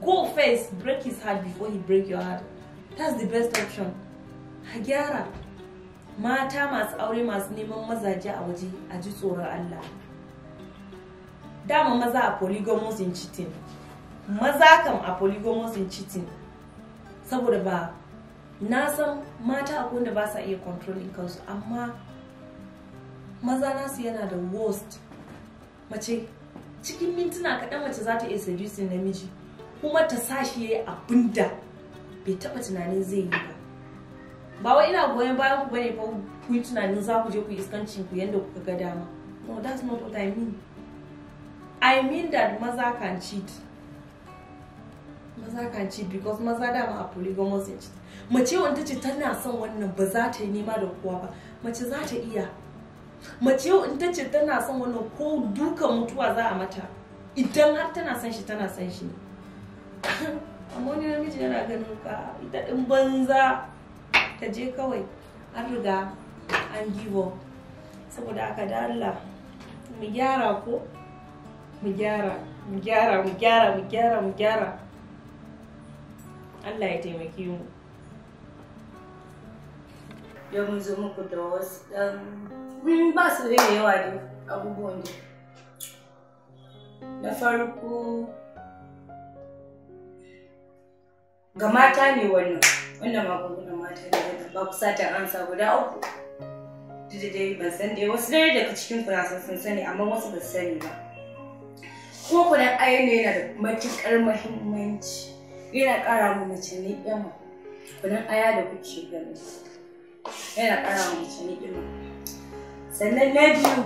go first break his heart before he break your heart that's the best option a gyara mata masu aure masu neman mazaje a waje a ji tsoron Allah dama maza a polygamous in cheating maza kam a polygamous in cheating saboda ba na san mata akwai ba sa iya controlling kansu amma maza nasu yana da worst mace cikin mintuna kaɗan mace zata iya seducing namiji kuma ta sa shi yayi abin da bai taba tunanin zai yi ba ba wai ina goyon bayan ku bane fa ku yi tunanin za ku je ku iskanci ku yanda kuka ga dama no that's not what i mean i mean that maza can cheat maza can cheat because maza dama a polygamous cheat mace wanda ce tana son wannan ba za ta yi nema da kowa ba mace za ta iya mace wanda ce tana son wannan ko duka mutuwa za a mata idan har tana son shi tana son shi ne amma wani namiji yana ganin ka ita ɗin banza ta je kawai an riga an giwo saboda aka da Allah mu gyara ko mu gyara mu gyara mu gyara mu gyara mu gyara Allah ya taimake mu yau mun zo muku da wasu mun ba su da yawa da abubuwan da na farko ga mata ne wannan wannan magungunan mata ne wannan ba ku sata ansa guda uku dai ban san dai wasu dai daga cikin ku na sun sani amma wasu ba su sani ba kuma kudan aya ne yana da matuƙar muhimmanci yana ƙara mu mace ne ƙyama kudan aya da kuke gani yana ƙara mu mace ne ƙyama sannan na biyu